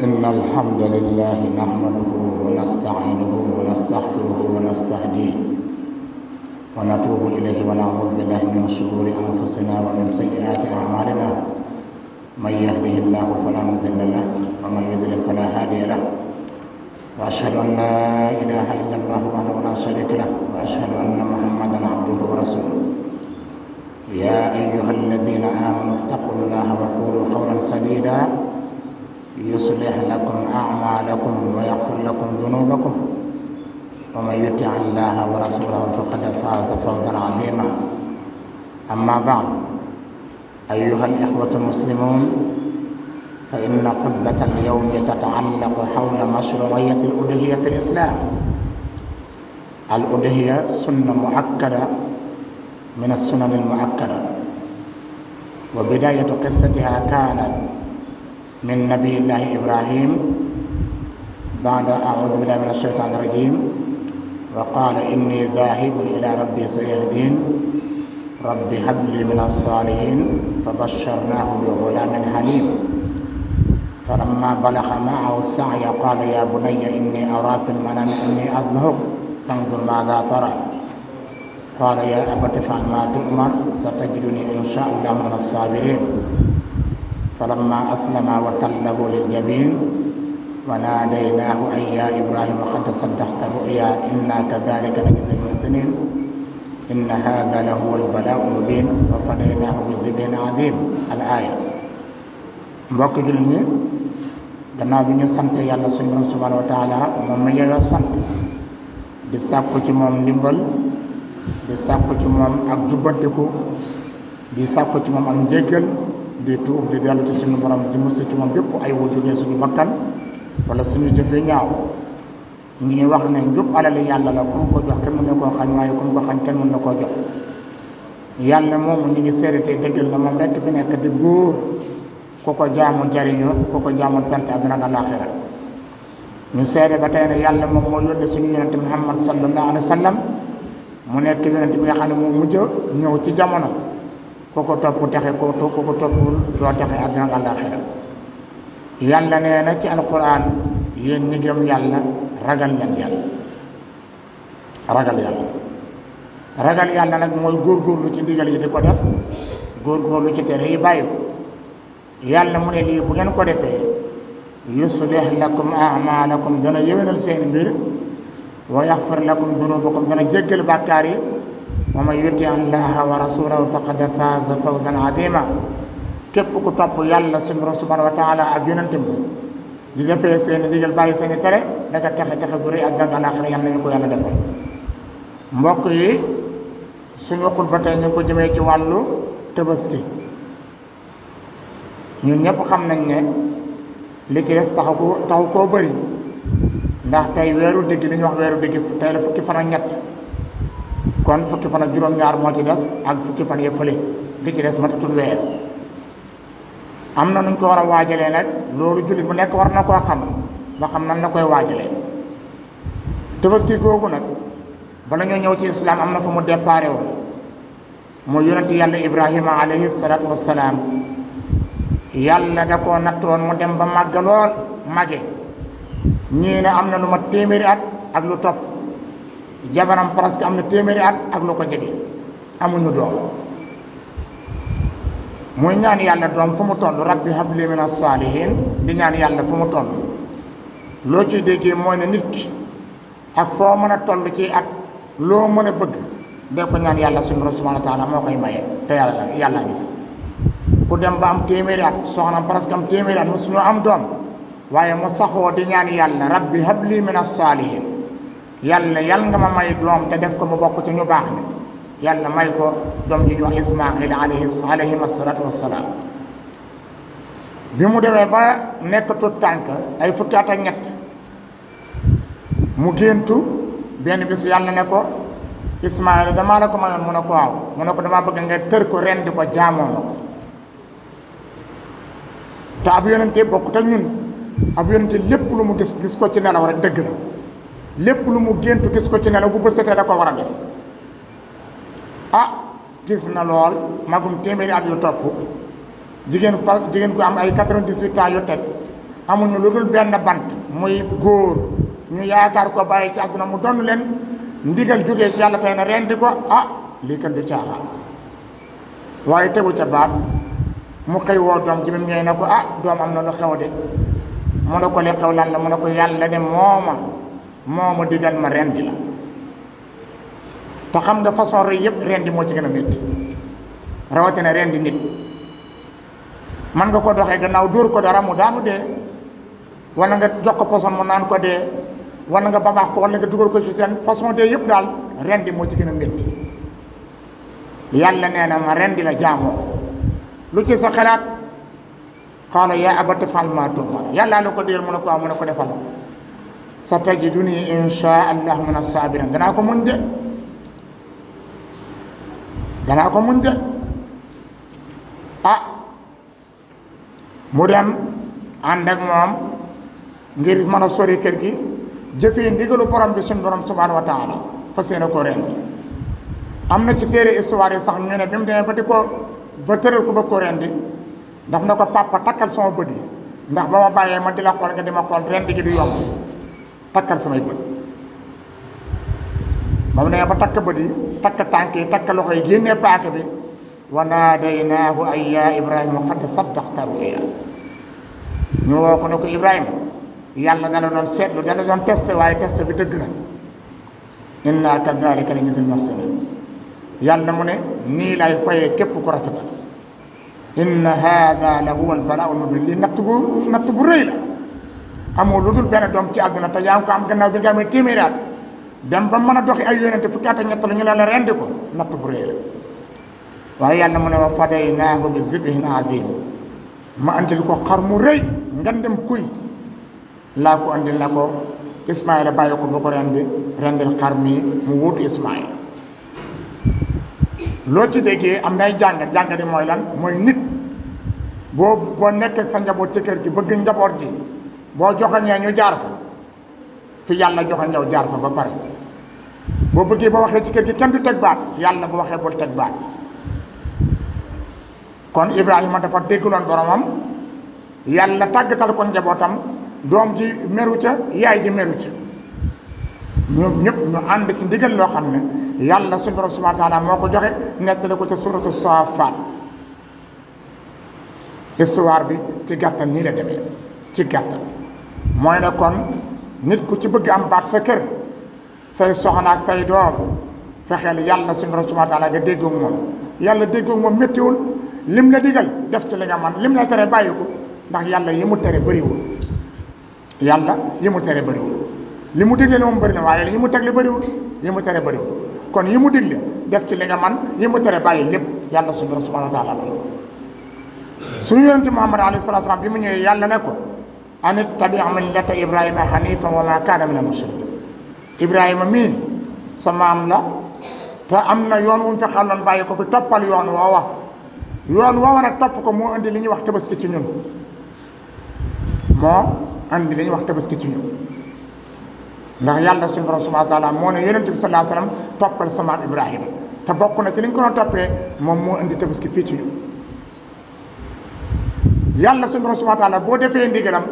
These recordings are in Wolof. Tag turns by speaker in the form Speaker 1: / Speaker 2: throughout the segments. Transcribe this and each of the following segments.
Speaker 1: إن الحمد لله نحمده ونستعينه ونستغفره ونستهديه ونتوب إليه ونعوذ بالله من شرور أنفسنا ومن سيئات أعمالنا من يهده الله فلا مضل له ومن يضلل فلا هادي له وأشهد أن لا إله إلا الله وحده لا شريك له وأشهد أن محمدا عبده ورسوله يا أيها الذين آمنوا اتقوا الله وقولوا قولا سديدا يصلح لكم أعمالكم ويغفر لكم ذنوبكم ومن يطع الله ورسوله فقد فاز فوزا عظيما أما بعد أيها الإخوة المسلمون فإن قبة اليوم تتعلق حول مشروعية الأدهية في الإسلام الأدهية سنة مؤكدة من السنن المؤكدة وبداية قصتها كانت من نبي الله إبراهيم بعد أعوذ بالله من الشيطان الرجيم وقال إني ذاهب إلى ربي سيهدين رب هب لي من الصالحين فبشرناه بغلام حليم فلما بلغ معه السعي قال يا بني إني أرى في المنام أني أظهر فانظر ماذا ترى قال يا أبت فعل ما تؤمر ستجدني إن شاء الله من الصابرين فلما أسلم وتله للجبين وناديناه أن يا إبراهيم قد صدقت رؤيا إنا كذلك نجزي المحسنين إن هذا لهو البلاء المبين وفديناه بالذبين عظيم الآية مبوك جلني غنا بني سنت يا الله سبحانه وتعالى ممي يا سنت دي ساكو تي موم نيمبل دي ساكو تي موم اك جوبانتيكو دي ساكو تي موم ام جيكل di tuub di dellu suñu borom di musta ci moom yëpp ay wu jógee suñu bakkan wala suñu jëfee ñaaw ñu ngi wax ne njub alali yàlla la ku mu ko jox kenn mën na koo xañ waaye ku ko xañ kenn mën na koo jox yàlla moomu ñu ngi séerété dëggal na moom rekk fi nekk ko jaamu jariñu ku ko jaamu perte ak àllaaxira ñu seede ba tey ne yàlla moom moo yónni suñu yonente muhammad sallallahu alayhi wa sallam mu nekk yonente bi nga xam ñëw ci jamono ku ko topp texe ko ku ko toppul doo texe àddina ak àllaaxira yàlla nee ci alquran yéen ñi gëm yàlla ragal leen yàlla ragal yàlla ragal yàlla nag mooy góorgóorlu ci ndigal yi di ko def góorgóorlu ci tere yi bàyyi ko yàlla mu ne lii bu ngeen ko defee yuslih lakum amalakum dana yéwénal seen mbir wa yaxfir lakum dunubakum dana jéggal bàkkaar yi ومن يطع الله ورسوله فقد فاز فوزا عظيما كيف كتب يلا سمر سبحانه وتعالى اجن انتم دي دافي سين دي جال باي سين تري دا تخ تخ غوري ادنا الاخر يلا نكو يلا داف مبوك يي سونو خول باتاي نكو جيمي تي والو تبستي ñun ñëpp xam nañ ne li ci des taxako taw koo bëri ndax tey weeru dëgg li ñu wax weeru dëgg tey la fukki fan ak ñett kon fukki fan ak juróom-ñaar moo ci des ak fukki fan yëpp fële li ci des matatul weer am na nuñ ko war a waajalee nag loolu jullit bu nekk war na koo xam ba xam na la koy waajalee tabaski googu nag bala ñoo ñëw ci islam am na fa mu déparé woon mu yonent yàlla ibrahima alayhi salaatu wassalaam yàlla da koo nattoon mu dem ba màgg lool màgge ñii am na lu ma téeméeri at ak lu topp jabaram presque am na téeméeri at ak lu ko jege amuñu doom muy ñaan yàlla doom fu mu toll rabbi habli mina saalihin di ñaan yàlla fu mu toll loo ciy déggee mooy ne nit ki ak foo mën a toll ci at loo mën a bëgg de ko ñaan yàlla suñu borom subhanahu wa taala moo am téeméeri at soxnaam presque am téeméeri am doom waaye mu saxoo di ñaan yàlla rabbi habli mina saalihin yàlla yàlla nga ma may doom te def ko mu bokk ci ñu baax ni yàlla may ko doom ji ñu wax ismail alayhi alayhim assalatu wassalaam bi mu demee ba nekk tut tànk ay fukki at ak ñett mu géntu benn bis yàlla ne ko ismail damaa la ko mayoon mu ne ko waaw mu ne ko damaa bëgg nga tër ko ren di ko jaamoo ma ko te ab yonente bokkut ak ñun ab yonente lépp lu mu gis gis ko ci nelaw rek dëgg la lépp lu mu gént gis ko ci nelaw bu bët setee da ko war a def ah gis na lool magum téeméeri at yu topp jigéen pa jigéen gu am ay quatre-vingt-dix-huit ans yu teg amuñu lu dul benn bant ñu yaakaar ko bàyyi ci àdduna mu doon leen ndigal jógee ci yàlla tey na rendi ko ah lii kat du caaxaan waaye tegu ca baat mu xëy woo doom ji mu ñëw na ko ah doom am na lu xew de mu ne ko li xew lan la mu ne ko yàlla ne mooma momu digal ma rendi la ta xam nga façon re yeb rendi mo ci gëna metti rawati rawatina rendi nit man nga ko doxé gannaaw dóor ko dara mu daanu dee wala nga jox ko poson mu naan ko dee wala nga babax ko wala nga dugal ko ci seen façon dee yeb dal rendi mo ci gëna metti yalla yàlla ma rendi la jaamoo lu ci sa xalaat qala ya abati fal ma tu'mar yalla lako deer mu am mu defal satajiduni insha allahu min assabirin gana ko mun de gana ko mun de ah mu dem ànd ak moom ngir mën a sore kër gi jëfee ndigalu borom bi suñ borom subhanahu wa taala fas yéene ko ren am na ci téere histoire yi sax ñu ne bi mu demee ba di ko ba tëral ko ba ko ren di daf na ko papa takkal sama bët yi ndax ba ma bàyyee ma di la xool nga di ma xool ren di gi du yomb takkal samay bët moom nee ba takk bët yi takk tànk yi takk loxo yi génnee paaka bi wa naadaynaahu ay yaa ibrahima xad saddaqta ruya ñu woo ko ne ko ibrahima yàlla dala doon seetlu dala doon testé waaye testé bi dëgg na inna kadalika la gisul muhsinin yàlla mu ne nii lay fayee képp ku rafetal inna haada la huwa albalaa almubin lii natt bu natt bu rëy la amoo lutul dul benn doom ci aduna ta yaam ko am gannaaw bi nga amee téeméeri dem ba mën doxi ay yónente fu at ak ñett la ñu la la rendi ko natt bu reele waye yalla yàlla mu ne wa fadaynaahu bi zibhin azim ma andil ko xar mu rëy ngandem kuy la ko andil la ko Ismaayla bàyyi ko bu ko rendi rendil xar mi mu wuutu Ismaayla lo ci déggee am nay jàngat jàngat moy lan moy nit bo boo nekk sa njabot ci kër gi bëgg njabot gi boo joxoñee ñu jaar fa fi yàlla joxoñ yow jaar fa ba pare boo bëggee ba waxee ci kër gi kenn du teg baat yàlla bu waxee bul teg baat kon Ibrahima dafa dégguloon boromam yàlla tàggatal ko njabootam doom ji meru ca yaay ji meru ca ñoom ñëpp ñu ànd ci ndigal loo xam ne yàlla suñu borom subhaana moo ko joxe nettali ko ca suratu Saafaat histoire bi ci gàttal nii la demee ci gàttal mooy ne kon nit ku ci bëgg am baat sa kër say soxna say doom fexeel yàlla suñu borom subhaanahu wa taala nga déggoog moom yàlla déggoog moom méttiwul lim la digal def ci li nga lim la tere bàyyi ko ndax yàlla mu tere bëriwul yàlla tere bëriwul li mu digle moom bëri na waaye yi mu tegle bëriwul yi mu tere bëriwul kon yi mu digle def ci li nga man tere bàyyi lépp yàlla suñu borom subhaanahu wa taala la Muhammad alayhi salaam bi mu ñëwee yàlla ne أن اتبع ملة إبراهيم حنيفا وما كان من المشركين إبراهيم مي سمام لا تا أمنا يون ون فخالن بايكو في تبال يون واوا يون واوا نك تبكو مو عندي لني وقت بس كتنين مو عندي لني وقت بس كتنين نعم، لا يالله سنبرا سبحانه وتعالى مو نيون تب صلى الله عليه وسلم تبال سمام إبراهيم تبقو نتي لنكو نتبه مو مو عندي تبس كفيتنين يالله سنبرا سبحانه وتعالى بو دفين ديگرام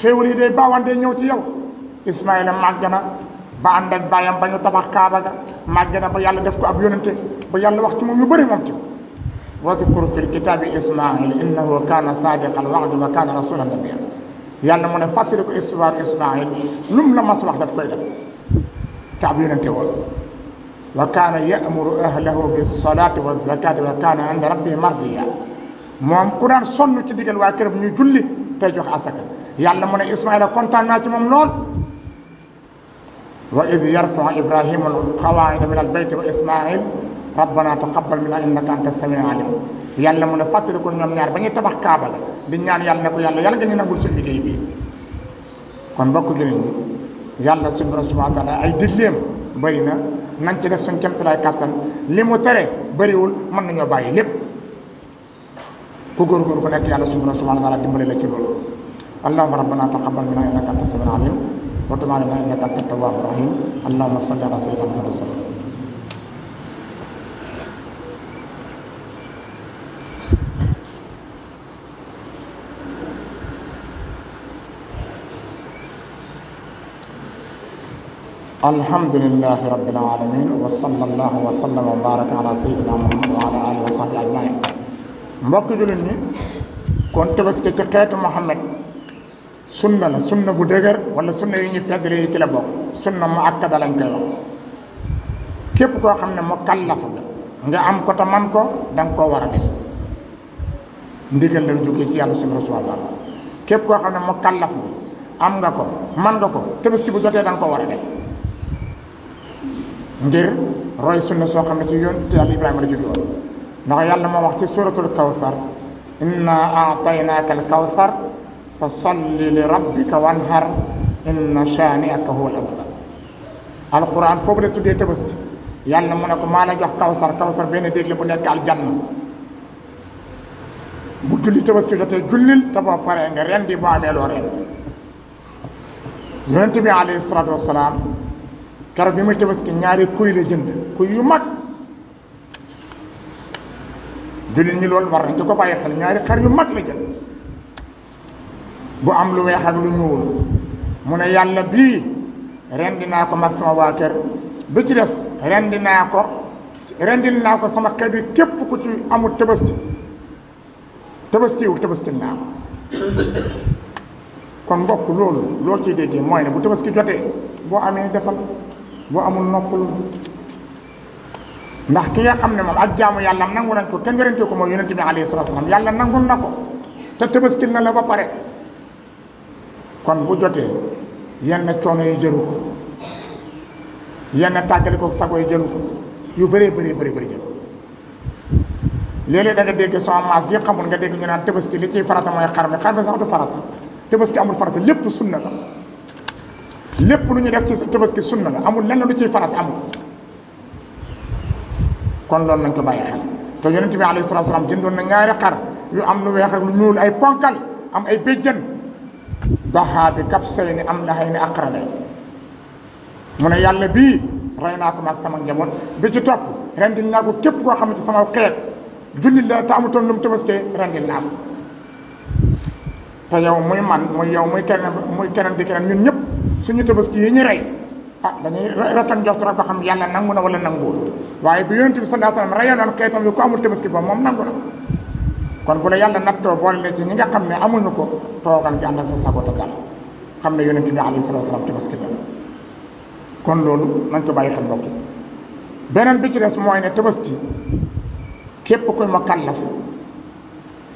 Speaker 1: xéewal yi day baawante ñëw ci yow Ismaïla màgg na ba ànd ak baayam ba ñu tabax kaaba ga màgg na ba yàlla def ko ab yónnante ba yàlla wax ci moom yu bëri moom ci wazkur fil kitaabi Ismaïl innahu kaana saadiqal wa'di wa kaana rasuulan nabiyyan yàlla mu ne fàttali ko histoire Ismaïl lu mu la mas wax daf koy def te ab yónnante woon wa kaana ya'muru ahlahu bis salaati waz zakaati wa kaana 'inda rabbihi mardiyya moom ku daan sonn ci digal waa këram ñuy julli tey jox asaka yàlla mu ne Ismaïla kontaan naa ci moom lool wa id yarfa ibrahima alqawaida min albayti ba ismail rabbana taqabbal minna innaka anta samiu alim yàlla mu ne fàttali ko ñoom ñaar ba ñuy tabax kaaba la di ñaan yàlla ne ko yàlla yàlla nga ñu nangul suñu liggéey bii kon bokk jullit ñi yàlla suñu borom subhanahu taala ay digleem bëri na nañ ci def suñ kemtalaay kàttan li mu tere bëriwul mën nañoo bàyyi lépp ku góorgóor ku nekk yàlla suñu borom subhanahu wa taala dimbale la ci loolu اللهم ربنا تقبل منا انك انت السميع العليم وتب علينا انك انت التواب الرحيم اللهم صل على سيدنا محمد صلى الله الحمد لله رب العالمين وصلى الله وسلم وبارك على سيدنا محمد وعلى اله وصحبه اجمعين mbokk jullit ñi kon tabaski ci sunna la sunna bu dëgër wala sunna yu ñu feddalee ci la bokk sunna mu akkada lañ koy wax képp koo xam ne mu kallaf la nga am ko man ko da nga koo war a def ndigal la jógee ci yàlla subhaanahu wa taala képp koo xam ne mu kallaf la nga ko man nga ko tabaski bu jotee danga nga koo war a def ngir roy sunna soo xam ne ci yoon te a ibrahima la jóge ndax yàlla moo wax ci suuratul kawsar inna aataynaaka al kawsar fa salli li rabbika wanhar inna shaani'aka huwa al-abtar alquran foofu la tuddee tabaski yàlla mu ko maa la jox kawsar kawsar benn déeg la bu nekk aljanna bu julli tabaski jotee jullil te boo paree ren di boo amee loo ren yonent bi alayhi salaatu wasalaam keroog bi muy tabaski ñaari kuy la jënd kuy mag jullit ñi loolu war nañ ko bàyyi xel ñaari xar yu mag la jënd bu am lu weex ak lu ñuul mu ne yàlla bii rendi naa ko mag sama waa ci des rendi naa ko rendil naa ko sama xeet képp ku ci amul tabaski tabaskiwul tabaskil naa ko kon mbokk loolu loo ciy déggee mooy ne bu tabaski jotee boo amee defal boo amul noppul ndax ki nga xam ne moom ak jaamu yàlla nangu nañ ko kenn werante ko mooy yonente bi alayhi salatu wasalam yàlla nangul na ko te tabaskil na la ba pare kon bu jotee yenn coono yi jëru ko yenn tàggale ko sago yi jëru ko yu bëree bëree bëri bëri jëru léeg-léeg da nga dégg sama maas gi xamul nga dégg ñu naan tabaski li ciy farata mooy xar mi xar mi sax du farata tabaski amul farata lépp sunna la lépp lu ñu def ci tabaski sunna la amul lenn lu ciy farata amul kon loolu nañ ko bàyyi xel te yonent bi alayhi salaatu salaam jëndoon na ñaari xar yu am lu weex lu ñuul ay ponkal am ay béjjën daxaa bi kabsay ni am daxay ni aqrane mu ne yàlla bii rey naa ko maag sama njaboot bi ci topp rendil naa ko képp koo xam ne ci sama xeet jullit la te amutoon lu mu tabaskee rendil naa ko te yow muy man muy yow muy keneen muy keneen di keneen ñun ñëpp suñu tabaski yi ñu rey ah dañuy rafet njort rek ba xam yàlla nangu na wala nanguwul waaye bi yonent bi sallallahu alayhi wa sallam reyoon xeetam yi ko amul tabaski ba moom nangu na kon bu la yàlla nattoo boole ne ci ñi nga xam ne amuñu ko toogal gi ànd ak sa sabota dal xam ne yonent bi alayhi salaatu salaam tabaski la kon loolu nañ ko bàyyi xel mbokk beneen bi ci des mooy ne tabaski képp kuy ma kàllaf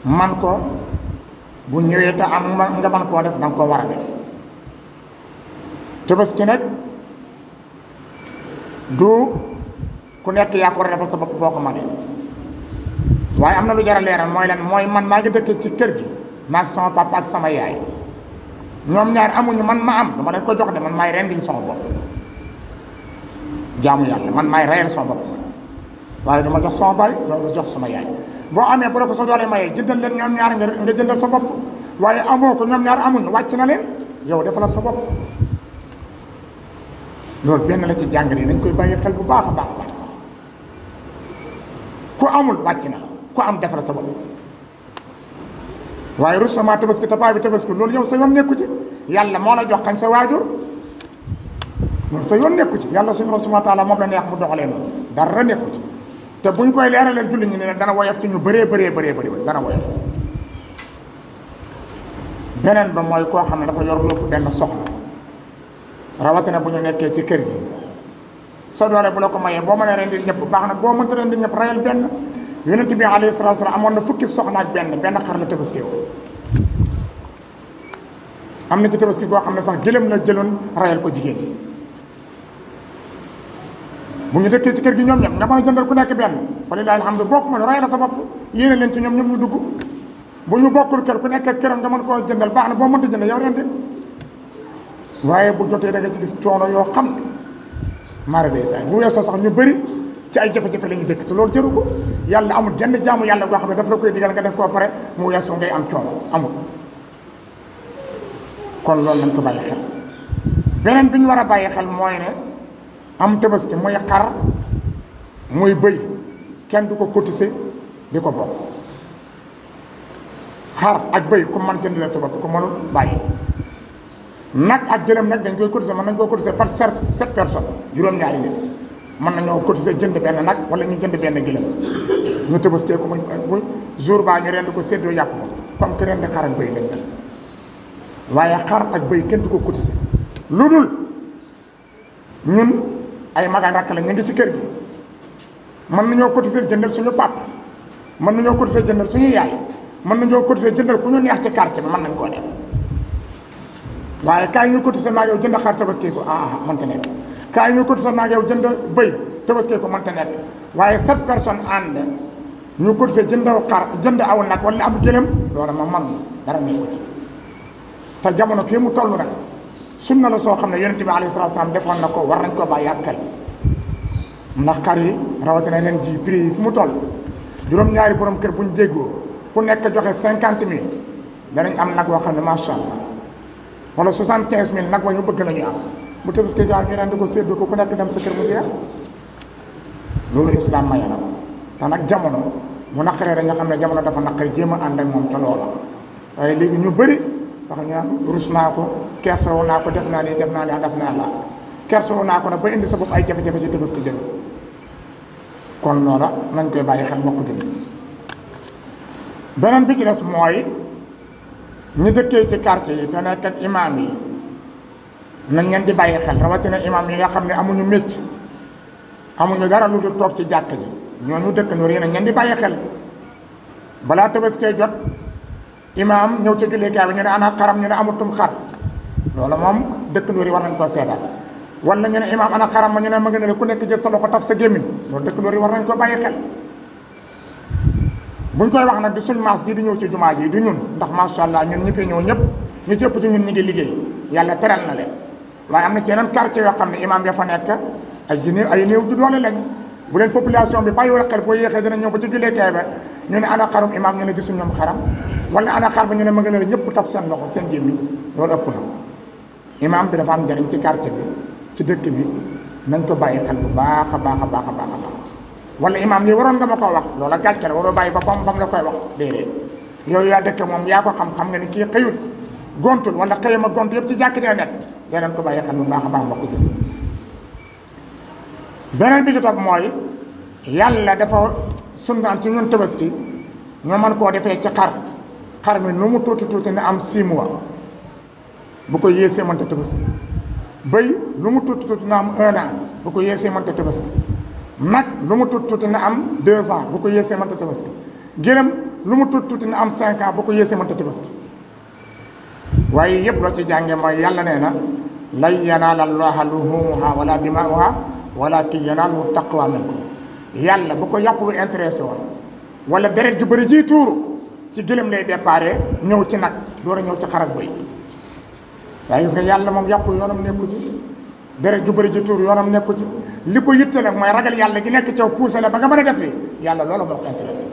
Speaker 1: man ko bu ñëwee te am nga man koo def danga ko war a def tabaski nag du ku nekk yaa ko war a defal sa bopp boo ko mënee waaye am na lu jar leeral mooy lan mooy man maa ngi ci kër gi maag sama papa ak sama yaay ñoom ñaar amuñu man ma am dama leen ko jox de man maay rendil sama bopp jaamu yàlla man maay reyal sama bopp waaye dama jox sama baay dama jox sama yaay boo amee bu la ko sa doole mayee jëndal leen ñoom ñaar nga jëndal sa bopp waaye amoo ko ñoom ñaar amuñu wàcc na leen yow defalal sa bopp loolu benn la ci jàngalee dañ koy bàyyi xel bu baax a baax a baax ku amul wàcc ku am defar sa bopp waaye rus na maa tabaski te baay bi tabaski loolu yow sa yoon nekku ci yàlla moo la jox kañ sa waajur loolu sa yoon nekku ci yàlla suñu borom subhanahu wa taala moom la neex mu doxalee noonu dara nekku ci te buñ koy leeralal julli ñi ne dana woyof ci ñu bëree bëree bëree bëri dana woyof beneen ba mooy koo xam ne dafa yor lépp benn soxla rawatina bu ñu nekkee ci kër gi soo doole bu la ko mayee boo mënee rendil ñëpp baax na boo mënta rendil ñëpp rayal benn yonent bi alayhi salaatu salaam amoon na fukki soxna ak benn benn xar la tabaski am na ci tabaski goo xam ne sax gëlëm la jëloon rayal ko jigéen ñi bu ñu dëkkee ci kër gi ñoom ñëpp nga mën a ku nekk benn fa lillahi alhamdu boo ko mën rayal sa bopp yéene leen ñoom ñoom ñu dugg bu ñu bokkul kër ku nekk këram nga mën koo jëndal baax na boo mënta jënd yow rente waaye bu jotee da nga ci gis coono yoo xam ma day taay bu weesoo sax ñu bari ci ay jafe-jafe la ñu dëkk te loolu jëru ko yàlla amul jënd jaamu yàlla goo xam ne dafa la koy digal nga def ko pare mu weesu ngay am coono amul kon loolu lañ ko bàyyi xel beneen bi ñu war a bàyyi xel mooy ne am tabaski muy xar muy bëy kenn du ko cotiser di ko bokk xar ak bëy ku mën jënd la sa bopp ku mënul bàyyi nag ak jëlem nag dañ koy cotiser mën nañ koy cotiser par sept personnes juróom-ñaari nit mën nañoo cotiser jënd benn nag wala ñu jënd benn gëlëm ñu tëbaskee ko muy bu jour baa ñu rend ko séddoo yàpp ma comme que rend xar ak xar ak bëy kenn ko cotiser lu dul ñun ay la ñu ngi ci kër gi mën nañoo cotiser jëndal suñu pàpp mën nañoo cotiser jëndal suñu yaay mën nañoo cotiser jëndal ku ñu neex ci quartier bi mën nañ koo def waaye kaay ñu cotiser maa yow jënd xar tabaskee ko ah ah mënta nekk kay ñu ko cotiser maag yow jënd bëy tëbaskee ko mënta nekk waye sept personnes and ñu cotiser jënd aw xar jënd aw nak wala ab gëlëm loola ma man dara ko ci ta jamono fi mu tollu nak sunna la so xamne yaronte bi alayhi salatu wasallam defoon nako war nañ ko ba yakal ndax xar yi rawatina leen ji prix yi fu mu toll juroom ñaari borom kër buñu déggo ku nekk joxe 50000 dañ am nak woo xam ma sha allah wala 75000 nak mille wa ñu bëgg lañu am bu tabaski gaa ngi ren di ko séddoo ko ku nekk dem sa kër mu jeex loolu islam maye na ko te nag jamono mu naqaree rek nga xam ne jamono dafa naqari jéem a ànd ak moom te loola waaye léegi ñu bari wax ñu naan rus naa ko kersawu naa ko def naa nii def naa nii def naa ko nag ba indi sa bopp ay jafe-jafe ci tabaski jële kon loola nañ koy bàyyi xel mbokku jële beneen bi ci mooy ñu dëkkee ci quartier yi te nekk ak imaam yi. nañ ñen di baye xel rawatina imam yi nga xamni amuñu metti amuñu dara lu do toog ci jakk ji dekk no reena ñen di baye xel bala tabaske jot imam ñew ci jullikaay bi ñu ana xaram ñu amutum xar loolu mom dekk no ri war nañ ko wala ñu imam ana xaram ñu ne ma nga ne ku nekk jël sa loxo taf sa gemi loolu dekk no ri war nañ ko baye xel buñ koy wax nak di bi di ñew ci juma ji di ñun ndax sha allah ñun ñi fi ñew ñep ñi jëpp ci ñun ñi ngi liggéey yalla teral na leen waaye am na ci yeneen quartier yoo xam ne imaam ya fa nekk ay néew ay néew ju doole lañ bu leen population bi bàyyiwul xel boo yéexee dana ñëw ba ci julleekaay ba ñu ne ana xarum imaam ñu ne ba ñu ne ma ñëpp taf seen loxo seen jëmmi loolu ëpp na imaam bi am njariñ ci quartier bi ci dëkk bi nañ ko bàyyi xel bu baax a baax a baax a baax a baax wala imaam yi waroon nga ma koo wax loola gàcce la waroo bàyyi ba bam bam la koy wax déedéet yooyu yaa dëkk moom yaa ko xam xam nga ni kii xëyut gontul wala ma gont yëpp ci jàkk dee nekk beneen ko bàyyi xel bu baax a baax mbokk jullit beneen bi ci topp mooy yàlla dafa sundaan ci ñun tabaski ñu mën koo defee ci xar xar mi nu mu tuuti tuuti na am 6 mois bu ko yéesee mënta tabaski bëy lu mu tuuti tuuti na am 1 an bu ko yéesee mënta tabaski nag lu mu tuuti tuuti na am 2 ans bu ko yéesee mënta tabaski gëlëm lu mu tuuti tuuti na am 5 ans bu ko yéesee mënta tabaski waaye yëpp loo ci jànge mooy yàlla nee na lan yanaala llaaha luhuumuhaa wala dimaa'uhaa walaakin yanaaluhu taqwa minkum yàlla bu ko yàpp bu intéressé woon wala deret ju bëri ji tuuru ci gëlëm lay déparé ñëw ci nag door ñëw ci xar ak bëy waaye gis nga yàlla moom yàpp yoonam nekku ci deret ju bëri ji tuuru yoonam nekku ci li ko yitte nag mooy ragal yàlla gi nekk caw poussé la ba nga mën a def li yàlla loola moo ko intéressé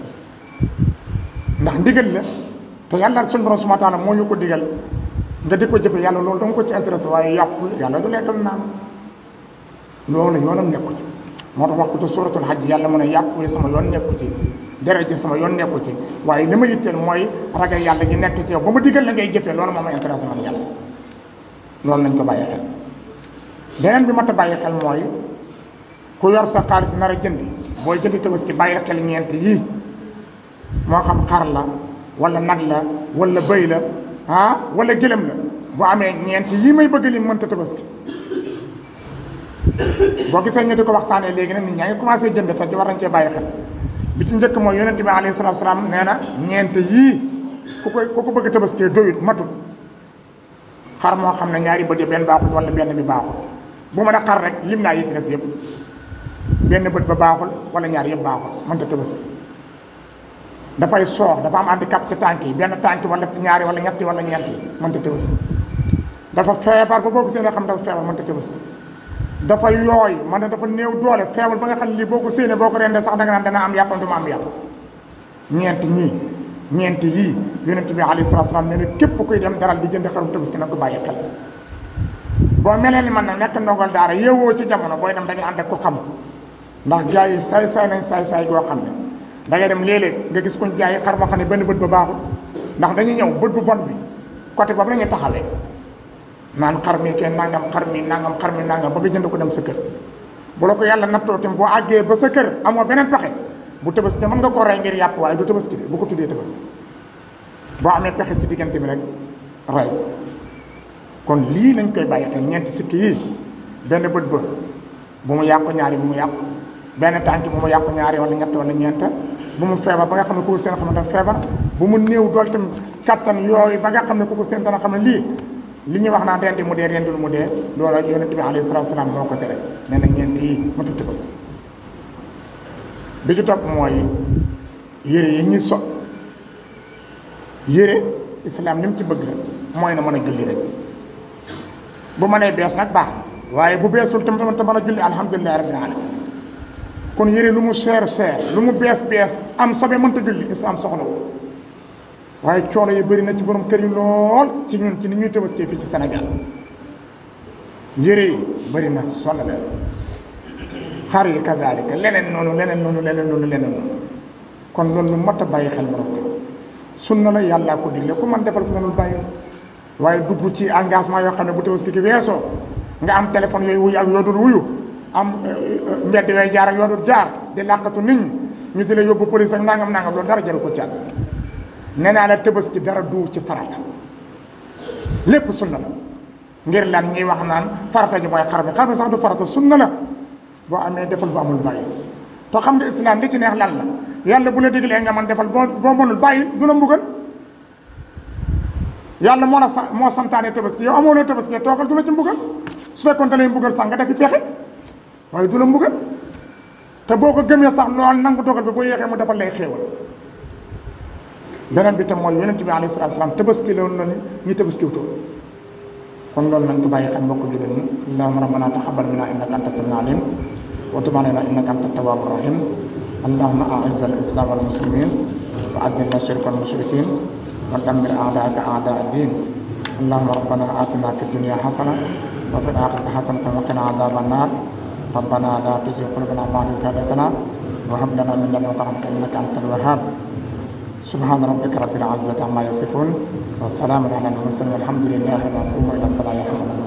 Speaker 1: ndax ndigal la te yàlla suñu borom subhaanahu wa taala moo ñu ko digal nga di ko jëfe yàlla loolu danga ko ci intéressé waaye yàpp yàlla du lekkal naan loolu yoonam nekku ci moo tax wax ko ci suuratul hajj yàlla mu ne yàpp sama yoon nekku ci deret ji sama yoon nekku ci waaye li ma yitteel mooy ragal yàlla gi nekk ci yow ba mu digal la ngay jëfee loolu moo ma intéressé man yàlla loolu nañ ko bàyyi xel beneen bi mat a bàyyi xel mooy ku yor sa xaalis nar a jënd booy jënd tabaski bàyyi xel ñeent yii moo xam xar la ولا نغلا ولا بيلا ها ولا جلمنا بو امي نينت يماي بغي لي مونتا تباسكي بو غيسا ني ديكو واختاني ليغي نا نياغي كوماسي جند تا جوار نتي باي خال بيتي نديك مو يونت بي عليه الصلاه والسلام نينا نينت يي كوكو كوكو بغي تباسكي دويت ماتو خار مو خامنا نياري بدي بن باخو ولا بن مي باخو بو مانا خار رك ليمنا يي كريس يب بن ولا نياار يب باخول مونتا تباسكي dafay soox dafa am handicap ci tànk yi benn tànk wala ñaari wala ñetti wala ñeenti mënta tabaski dafa feebar ba boo ko séenee xam dafa feebar mënta tabaski dafa yooy man ne dafa néew doole feebar ba nga xam ne lii boo ko séenee boo ko rendee sax da nga naan dana am yàppam duma am yàpp ñeent ñii ñeent yii yonent bi alayhi salaatu salaam nee na képp kuy dem daral di jënd xarum tabaski nag ko bàyyi xel boo melee ni man nag nekk ndongal daara yeewoo ci jamono booy dem dañuy ànd ak ko xam ndax gars yi saay saay nañ saay saay goo xam da ngay dem lele nga gis kuñ jaay xar ma ben beut benn bët ba baaxul ndax dañuy ñew beut bu bon bi côté boobu lañuy ñuy taxalee xarmi ke nangam xarmi nangam xarmi nangam ba nga jënd ko dem sa kër bu la ko yalla natto tim bo àggee ba sa kër amo benen pexe bu ke man nga ko ray ngir yap way du tabaski de bu ko tuddee tabaski bo amé pexe ci digënté bi rek ray kon li lañ koy bàyyi xel ñent ci ki ben beut ba bu mu yaq ñaari bu mu yaq ben tanki bu mu yaq ñaari wala ñett wala ñeent bu mu feebar ba nga xam ne ku ko seen xam ne feebar bu mu néew dool tam kattan yooyu ba nga xam ne ku seen dana xam ne lii li ñuy wax naan rendi mu dee rendi lu mu dee loola yonent bi alayhi salaatu salaam moo ko nee na ñeent yi ma tuuti ko sax bi ci yi ñuy so yére islam ni mu ci bëgg mooy na mën a julli rek bu mënee bees nag baax waaye bu beesul tamit te mën a julli alhamdulilah rabbil alamin kon yére lu mu seer seer lu mu bees bees am sobe mënta julli am soxla waaye coono yi bëri na ci borom kër yi lool ci ñun ci ni ñuy tabaskee fii ci Sénégal yére yi bëri na sonn leen xar yi kadaalika leneen noonu leneen noonu leneen noonu leneen noonu kon loolu lu mat a bàyyi xel ma rek sunna la yàllaa ko digle ku man defal ko mënul bàyyi waaye dugg ci engagement yoo xam ne bu tabaski ki weesoo nga am téléphone yooyu wuyu ak yoo dul wuyu am euh, euh, mbedd yooyu jaar ak yoonu jaar di làqatu nit ñi ñu di la yóbbu police ak nangam nangam loolu dara jaru ko ci nee naa la Tabaski dara du ci farata lépp sunna la ngir lan ñuy wax naan farata ji mooy xar mi xar mi sax du farata sunna la boo amee defal bu amul bàyyi te xam nga islam li ci neex lan la yàlla bu la diglee nga man defal boo boo mënul bàyyi du la mbugal yàlla moo la sa moo santaane Tabaski yow amoo loo Tabaski toogal du la ci mbugal su fekkoon da sax nga defi pexe. waaye du la mbugal te boo ko gëmee sax lool nangu dogal bi boo yéexee mu defal lay xéewal beneen bi tam mooy yonent bi alayhi salaatu salaam tabaski la woon na ni ñi tabaski wutoon kon loolu nañ ko bàyyi xel mbokk jullit ñi allah rabbana taqabbal minna innaka anta samiul alim wa tub alayna innaka anta tawwabur rahim allahumma a'izz al-islam wal muslimin wa adil ash-shirka wal mushrikin wa dammir a'daaka a'daa ad-din اللهم ربنا آتنا في الدنيا حسنة وفي الآخرة حسنة وقنا عذاب النار ربنا لا تزغ قلوبنا بعد إذ وهب لنا من لدنك رحمة إنك أنت الوهاب سبحان ربك رب العزة عما يصفون والسلام على المرسلين والحمد لله ونقوم إلى الصلاة يرحمكم